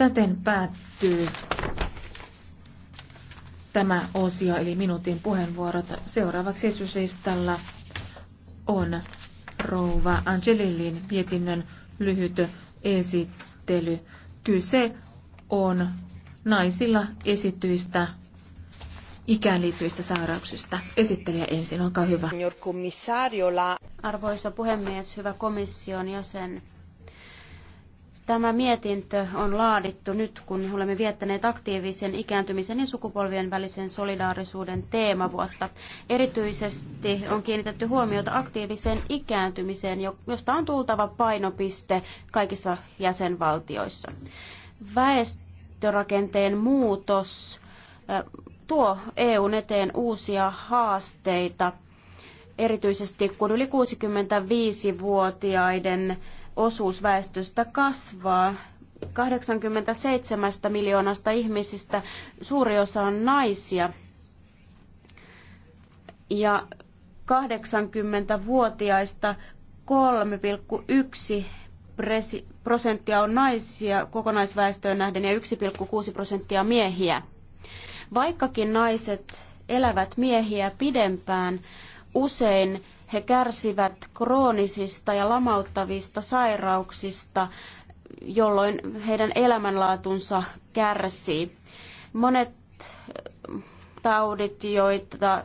Täten päättyy tämä osio, eli minuutin puheenvuorot. Seuraavaksi esityslistalla on rouva Angelillin mietinnön lyhyt esittely. Kyse on naisilla esittyistä ikään liittyvistä sairauksista. Esittelijä ensin, olkaa hyvä. Arvoisa puhemies, hyvä komission jäsen. Tämä mietintö on laadittu nyt, kun olemme viettäneet aktiivisen ikääntymisen ja sukupolvien välisen solidaarisuuden teemavuotta. Erityisesti on kiinnitetty huomiota aktiiviseen ikääntymiseen, josta on tultava painopiste kaikissa jäsenvaltioissa. Väestörakenteen muutos tuo EUn eteen uusia haasteita, erityisesti kun yli 65-vuotiaiden osuus väestöstä kasvaa. 87 miljoonasta ihmisistä suuri osa on naisia. Ja 80-vuotiaista 3,1 prosenttia on naisia kokonaisväestöön nähden ja 1,6 prosenttia miehiä. Vaikkakin naiset elävät miehiä pidempään, usein he kärsivät kroonisista ja lamauttavista sairauksista, jolloin heidän elämänlaatunsa kärsii. Monet eh, taudit, joita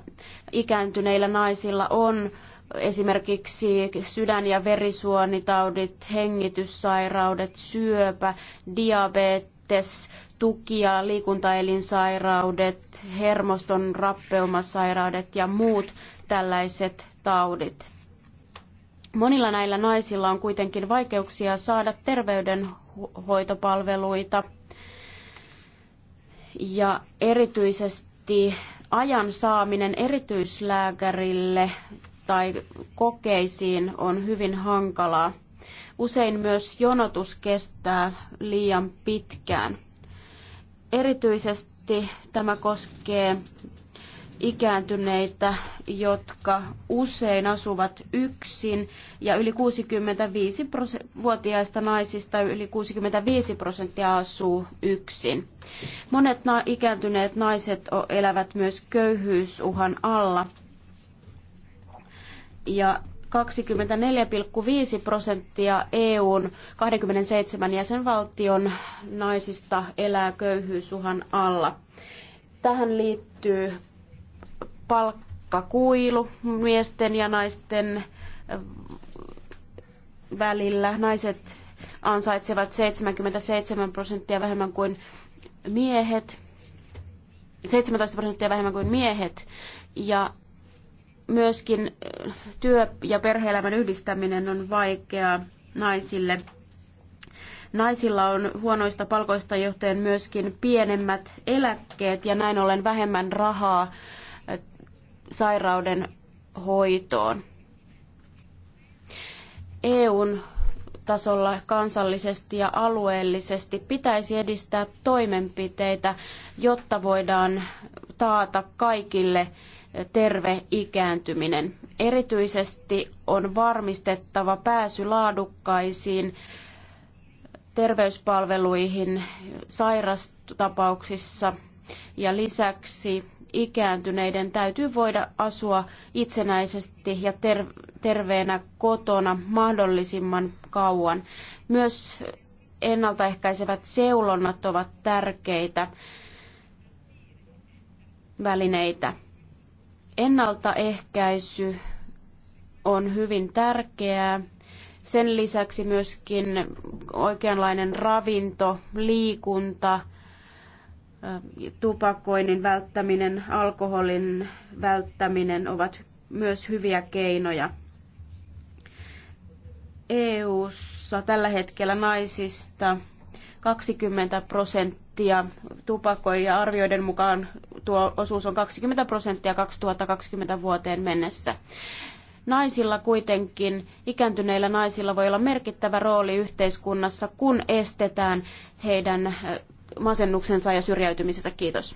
ikääntyneillä naisilla on, esimerkiksi sydän- ja verisuonitaudit, hengityssairaudet, syöpä, diabetes, diabetes-tuki ja liikuntaelinsairaudet, hermoston rappeumasairaudet ja muut tällaiset taudit. Monilla näillä naisilla on kuitenkin vaikeuksia saada terveydenhoitopalveluita ja erityisesti ajan saaminen erityislääkärille tai kokeisiin on hyvin hankalaa. Usein myös jonotus kestää liian pitkään. Erityisesti tämä koskee ikääntyneitä, jotka usein asuvat yksin ja yli 65-vuotiaista naisista yli 65 prosenttia asuu yksin. Monet ikääntyneet naiset elävät myös köyhyysuhan alla ja 24,5 prosenttia EUn 27 jäsenvaltion naisista elää köyhyysuhan alla. Tähän liittyy palkkakuilu miesten ja naisten välillä. Naiset ansaitsevat 77 prosenttia vähemmän kuin miehet, 17 prosenttia vähemmän kuin miehet, ja myöskin työ- ja perheelämän yhdistäminen on vaikeaa naisille. Naisilla on huonoista palkoista johtuen myöskin pienemmät eläkkeet ja näin ollen vähemmän rahaa sairauden hoitoon. EUn tasolla kansallisesti ja alueellisesti pitäisi edistää toimenpiteitä, jotta voidaan taata kaikille terve ikääntyminen. Erityisesti on varmistettava pääsy laadukkaisiin terveyspalveluihin sairastapauksissa ja lisäksi ikääntyneiden täytyy voida asua itsenäisesti ja ter- terveenä kotona mahdollisimman kauan. Myös ennaltaehkäisevät seulonnat ovat tärkeitä välineitä. Ennaltaehkäisy on hyvin tärkeää. Sen lisäksi myöskin oikeanlainen ravinto, liikunta, tupakoinnin välttäminen, alkoholin välttäminen ovat myös hyviä keinoja. EU:ssa tällä hetkellä naisista 20 prosenttia tupakoi ja arvioiden mukaan tuo osuus on 20 prosenttia 2020 vuoteen mennessä. Naisilla kuitenkin, ikääntyneillä naisilla voi olla merkittävä rooli yhteiskunnassa, kun estetään heidän masennuksensa ja syrjäytymisensä. Kiitos.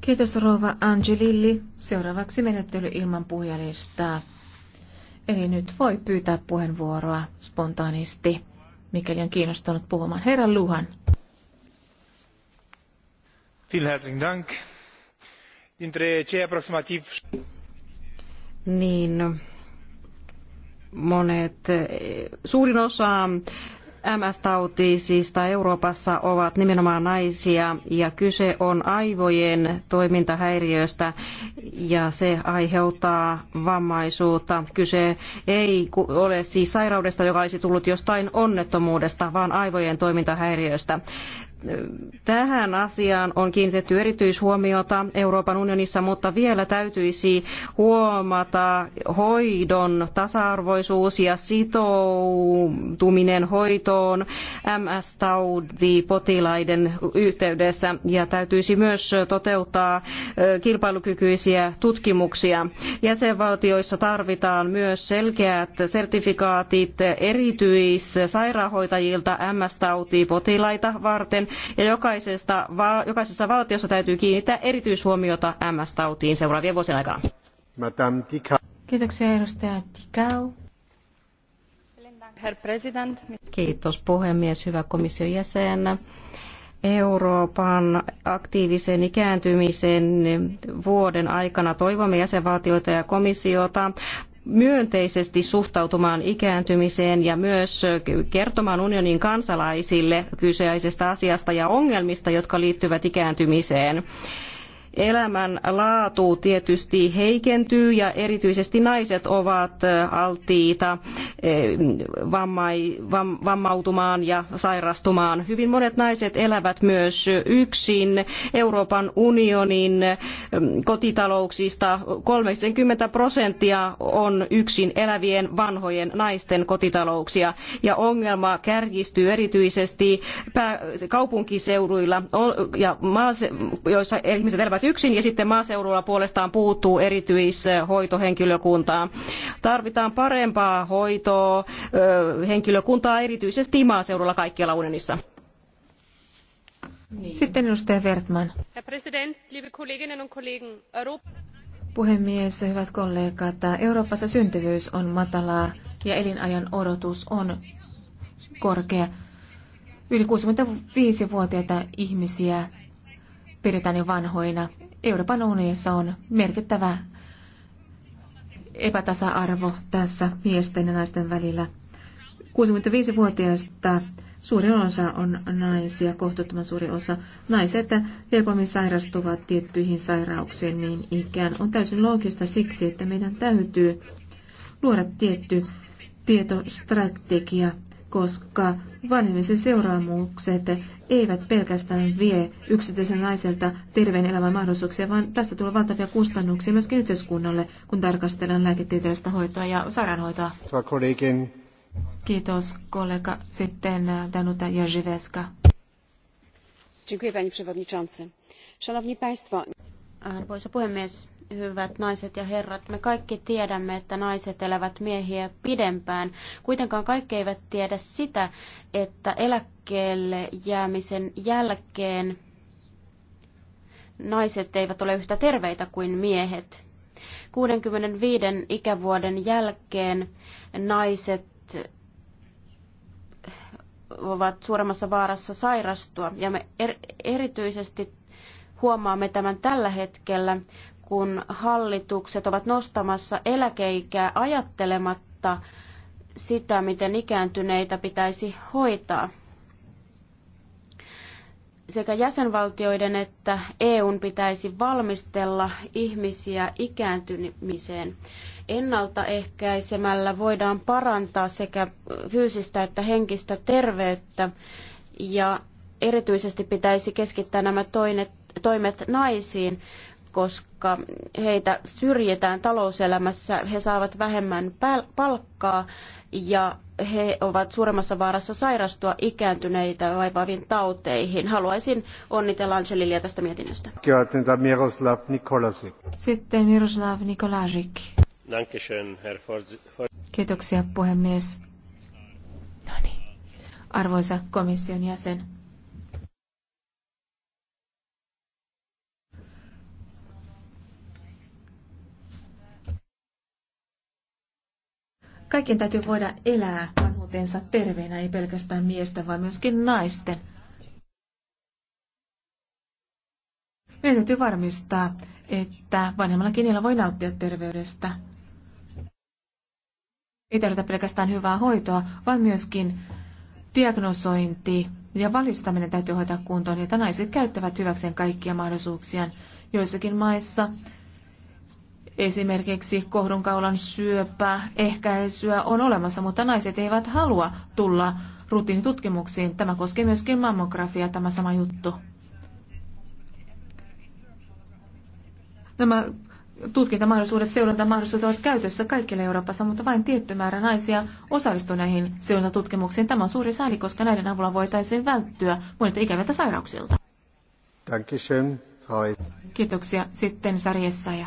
Kiitos Rova Angelilli. Seuraavaksi menettely ilman puhujalistaa. Eli nyt voi pyytää puheenvuoroa spontaanisti, mikäli on kiinnostunut puhumaan. Herra Luhan. Vielen herzlichen Dank dintre cei aproximativ... Niin monet, eh, suurin osa MS-tautisista Euroopassa ovat nimenomaan naisia ja kyse on aivojen toimintahäiriöstä ja se aiheuttaa vammaisuutta. Kyse ei ole siis sairaudesta, joka olisi tullut jostain onnettomuudesta, vaan aivojen toimintahäiriöstä. Tähän asiaan on kiinnitetty erityishuomiota Euroopan unionissa, mutta vielä täytyisi huomata hoidon tasa-arvoisuus ja sitoutuminen hoitoon MS-tautipotilaiden yhteydessä. Ja täytyisi myös toteuttaa kilpailukykyisiä tutkimuksia. Jäsenvaltioissa tarvitaan myös selkeät sertifikaatit erityissairaanhoitajilta MS-tautipotilaita varten ja jokaisesta, jokaisessa valtiossa täytyy kiinnittää erityishuomiota MS-tautiin seuraavien vuosien aikana. Kiitoksia edustaja Kiitos puhemies, hyvä komission jäsen. Euroopan aktiivisen ikääntymisen vuoden aikana toivomme jäsenvaltioita ja komissiota myönteisesti suhtautumaan ikääntymiseen ja myös kertomaan unionin kansalaisille kyseisestä asiasta ja ongelmista, jotka liittyvät ikääntymiseen. Elämän laatu tietysti heikentyy ja erityisesti naiset ovat alttiita vammautumaan ja sairastumaan. Hyvin monet naiset elävät myös yksin. Euroopan unionin kotitalouksista 30 prosenttia on yksin elävien vanhojen naisten kotitalouksia ja ongelma kärjistyy erityisesti kaupunkiseuduilla ja maase, joissa ihmiset elävät yksin ja sitten maaseudulla puolestaan puuttuu erityishoitohenkilökuntaa. Tarvitaan parempaa hoitoa, henkilökuntaa erityisesti maaseudulla kaikkialla unionissa. Niin. Sitten edustaja Wertman. Puhemies, hyvät kollegat, Euroopassa syntyvyys on matalaa ja elinajan odotus on korkea. Yli 65-vuotiaita ihmisiä pidetään jo vanhoina. Euroopan unionissa on merkittävä epätasa-arvo tässä miesten ja naisten välillä. 65-vuotiaista suurin osa on naisia, kohtuuttoman suuri osa. Naiset helpommin sairastuvat tiettyihin sairauksiin niin ikään. On täysin loogista siksi, että meidän täytyy luoda tietty tietostrategia koska vanhemmisen seuraamukset eivät pelkästään vie yksittäisen naiselta terveen elämän mahdollisuuksia, vaan tästä tulee valtavia kustannuksia myöskin yhteiskunnalle, kun tarkastellaan lääketieteellistä hoitoa ja sairaanhoitoa. Kiitos kollega. Sitten äh, Danuta Jerzyweska. Dziękuję panie przewodniczący. Szanowni państwo. Arvoisa puhemies, hyvät naiset ja herrat. Me kaikki tiedämme, että naiset elävät miehiä pidempään. Kuitenkaan kaikki eivät tiedä sitä, että eläkkeelle jäämisen jälkeen naiset eivät ole yhtä terveitä kuin miehet. 65 ikävuoden jälkeen naiset ovat suuremmassa vaarassa sairastua. Ja me er-, erityisesti huomaamme tämän tällä hetkellä, kun hallitukset ovat nostamassa eläkeikää ajattelematta sitä, miten ikääntyneitä pitäisi hoitaa. Sekä jäsenvaltioiden että EUn pitäisi valmistella ihmisiä ikääntymiseen. Ennaltaehkäisemällä voidaan parantaa sekä fyysistä että henkistä terveyttä ja erityisesti pitäisi keskittää nämä toimet naisiin, koska heitä syrjitään talouselämässä, he saavat vähemmän palkkaa ja he ovat suuremmassa vaarassa sairastua ikääntyneitä vaivaaviin tauteihin. Haluaisin onnitella Angelilia tästä mietinnöstä. Sitten Miroslav Nikolajik. Kiitoksia puhemies. No niin. Arvoisa komission jäsen. Kaikkien täytyy voida elää vanhuutensa terveenä, ei pelkästään miesten, vaan myöskin naisten. Meidän täytyy varmistaa, että vanhemmallakin iällä voi nauttia terveydestä. Ei tarvita pelkästään hyvää hoitoa, vaan myöskin diagnosointi ja valistaminen täytyy hoitaa kuntoon, että naiset käyttävät hyväkseen kaikkia mahdollisuuksia. Joissakin maissa Esimerkiksi kohdunkaulan syöpä, ehkäisyä on olemassa, mutta naiset eivät halua tulla rutiinitutkimuksiin. Tämä koskee myöskin mammografiaa tämä sama juttu. Nämä tutkintamahdollisuudet, seurantamahdollisuudet ovat käytössä kaikille Euroopassa, mutta vain tietty määrä naisia osallistuu näihin seurantatutkimuksiin. Tämä on suuri sääli, koska näiden avulla voitaisiin välttyä monilta ikäviltä sairauksilta. Kiitoksia. Sitten Sari Essaja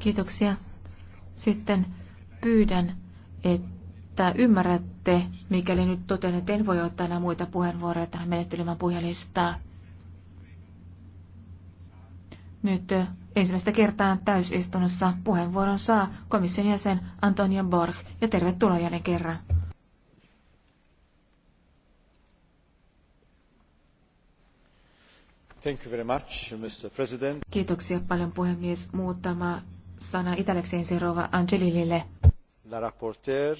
Kiitoksia. Sitten pyydän, että ymmärrätte, mikäli nyt totean, että en voi ottaa enää muita puheenvuoroja tähän menettelemään puhelistaa. Nyt ensimmäistä kertaa täysistunnossa puheenvuoron saa komission jäsen Antonio Borg ja tervetuloa jälleen kerran. Thank you very much, Mr. President. Kiitoksia paljon puhemies. Muutama sana italiaksi ensin rouva Angelilille. La rapporteur.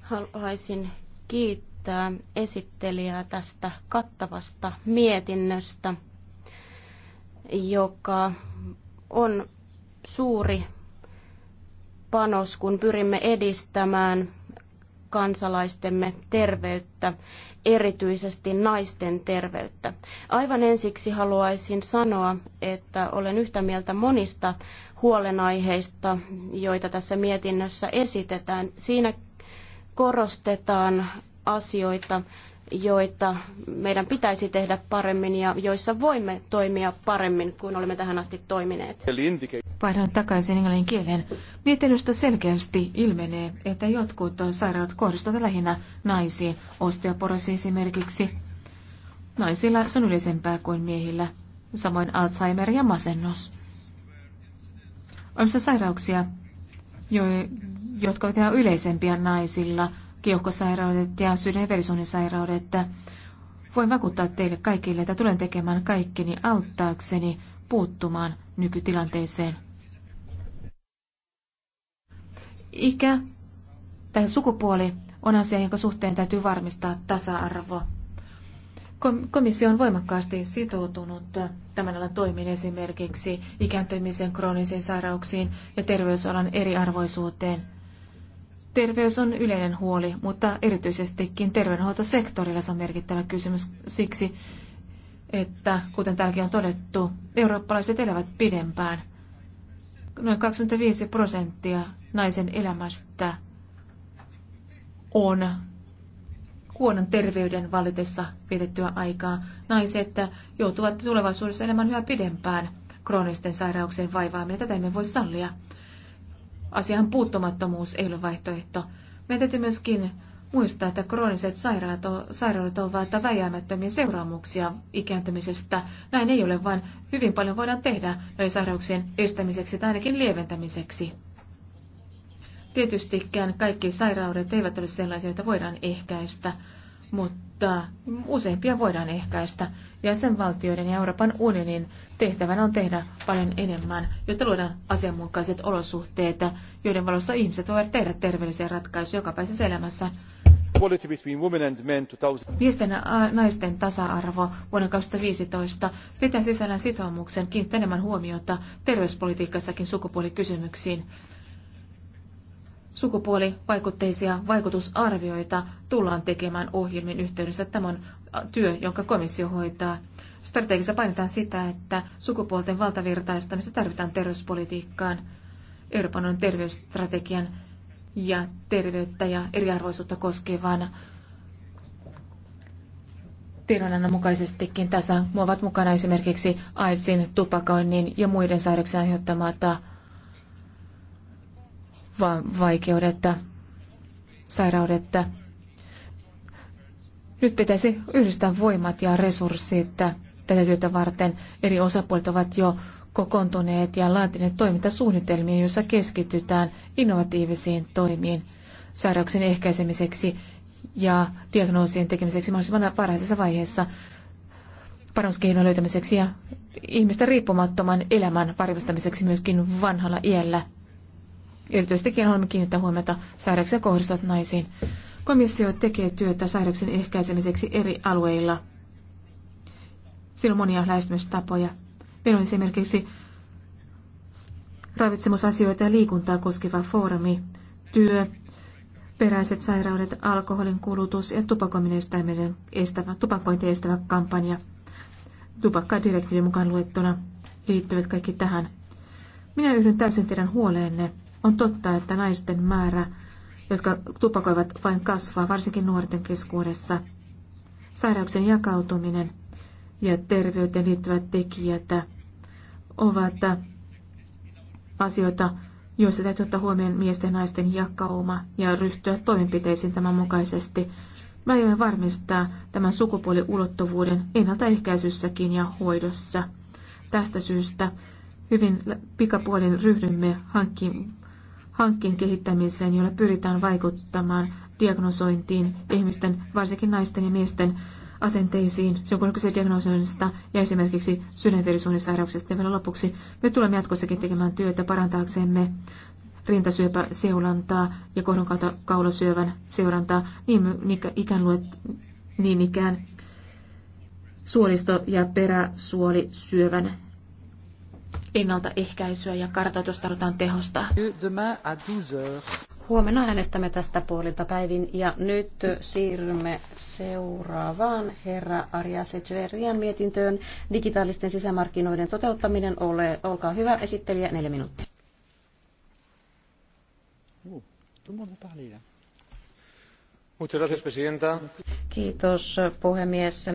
Haluaisin kiittää esittelijää tästä kattavasta mietinnöstä, joka on suuri panos, kun pyrimme edistämään kansalaistemme terveyttä erityisesti naisten terveyttä. Aivan ensiksi haluaisin sanoa, että olen yhtä mieltä monista huolenaiheista, joita tässä mietinnössä esitetään. Siinä korostetaan asioita, joita meidän pitäisi tehdä paremmin ja joissa voimme toimia paremmin kuin olemme tähän asti toimineet vaihdan takaisin englannin kieleen. Mietinnöstä selkeästi ilmenee, että jotkut sairaudet kohdistuvat lähinnä naisiin. Osteoporosi esimerkiksi. Naisilla se on yleisempää kuin miehillä. Samoin Alzheimer ja masennus. se sairauksia, jo, jotka ovat yleisempiä naisilla. Keuhkosairaudet ja sydän- ja verisuonisairaudet. Voin vakuuttaa teille kaikille, että tulen tekemään kaikkeni auttaakseni puuttumaan nykytilanteeseen. Ikä tai sukupuoli on asia, jonka suhteen täytyy varmistaa tasa-arvo. Komissio on voimakkaasti sitoutunut tämän alan toimiin esimerkiksi ikääntymisen, kroonisiin sairauksiin ja terveysalan eriarvoisuuteen. Terveys on yleinen huoli, mutta erityisestikin terveydenhuoltosektorilla se on merkittävä kysymys siksi, että kuten täälläkin on todettu, eurooppalaiset elävät pidempään noin 25 prosenttia naisen elämästä on huonon terveyden valitessa vietettyä aikaa. Naiset joutuvat tulevaisuudessa elämään yhä pidempään kroonisten sairauksien vaivaaminen. Tätä emme voi sallia. Asian puuttumattomuus ei ole vaihtoehto. Meidän täytyy myöskin muistaa, että krooniset sairaudet ovat väjäämättömiä seuraamuksia ikääntymisestä. Näin ei ole, vaan hyvin paljon voidaan tehdä näiden sairauksien estämiseksi tai ainakin lieventämiseksi. Tietystikään kaikki sairaudet eivät ole sellaisia, joita voidaan ehkäistä, mutta useimpia voidaan ehkäistä. Ja sen valtioiden ja Euroopan unionin tehtävänä on tehdä paljon enemmän, jotta luodaan asianmukaiset olosuhteet, joiden valossa ihmiset voivat tehdä terveellisiä ratkaisuja jokapäiväisessä elämässä equality between women and men 2000... Miesten ja naisten tasa-arvo vuonna 2015 pitää sisällä sitoumuksen kiinnittää enemmän huomiota terveyspolitiikassakin sukupuolikysymyksiin. Sukupuolivaikutteisia vaikutusarvioita tullaan tekemään ohjelmin yhteydessä. Tämä on työ, jonka komissio hoitaa. Strategiassa painetaan sitä, että sukupuolten valtavirtaistamista tarvitaan terveyspolitiikkaan. Euroopan terveysstrategian ja terveyttä ja eriarvoisuutta koskevan tiedonannon mukaisestikin. Tässä muovat mukana esimerkiksi AIDSin, tupakoinnin ja muiden sairauksien aiheuttamat vaikeudet, sairaudet. Nyt pitäisi yhdistää voimat ja resurssit tätä työtä varten. Eri osapuolet ovat jo kokoontuneet ja laatineet toimintasuunnitelmia, joissa keskitytään innovatiivisiin toimiin sairauksen ehkäisemiseksi ja diagnoosien tekemiseksi mahdollisimman varhaisessa vaiheessa parannuskeinojen löytämiseksi ja ihmisten riippumattoman elämän varmistamiseksi myöskin vanhalla iällä. Erityisestikin haluamme kiinnittää huomiota sairauksia kohdistuvat naisiin. Komissio tekee työtä sairauksen ehkäisemiseksi eri alueilla. Sillä on monia lähestymistapoja. Meillä on esimerkiksi ravitsemusasioita ja liikuntaa koskeva foorumi, työ, peräiset sairaudet, alkoholin kulutus ja estävä, tupakointi estävä kampanja tupakkadirektiivin mukaan luettuna liittyvät kaikki tähän. Minä yhdyn täysin teidän huoleenne. On totta, että naisten määrä, jotka tupakoivat, vain kasvaa, varsinkin nuorten keskuudessa. Sairauksen jakautuminen ja terveyteen liittyvät tekijät ovat asioita, joissa täytyy ottaa huomioon miesten ja naisten jakauma ja ryhtyä toimenpiteisiin tämän mukaisesti. Mä aion varmistaa tämän sukupuoliulottuvuuden ennaltaehkäisyssäkin ja hoidossa. Tästä syystä hyvin pikapuolin ryhdymme hankkiin, hankkeen kehittämiseen, jolla pyritään vaikuttamaan diagnosointiin ihmisten, varsinkin naisten ja miesten asenteisiin, silloin kun kyse diagnosoinnista ja esimerkiksi sydänverisuonisairauksista. Ja vielä lopuksi me tulemme jatkossakin tekemään työtä parantaaksemme rintasyöpäseulantaa ja kaulasyövän seurantaa, niin, niin, ikään luet, niin ikään suolisto- ja peräsuolisyövän ennaltaehkäisyä ja kartoitusta halutaan tehostaa. Huomenna äänestämme tästä puolilta päivin ja nyt siirrymme seuraavaan herra Arja Sejverian mietintöön. Digitaalisten sisämarkkinoiden toteuttaminen, ole, olkaa hyvä, esittelijä, neljä minuuttia. Kiitos puhemies.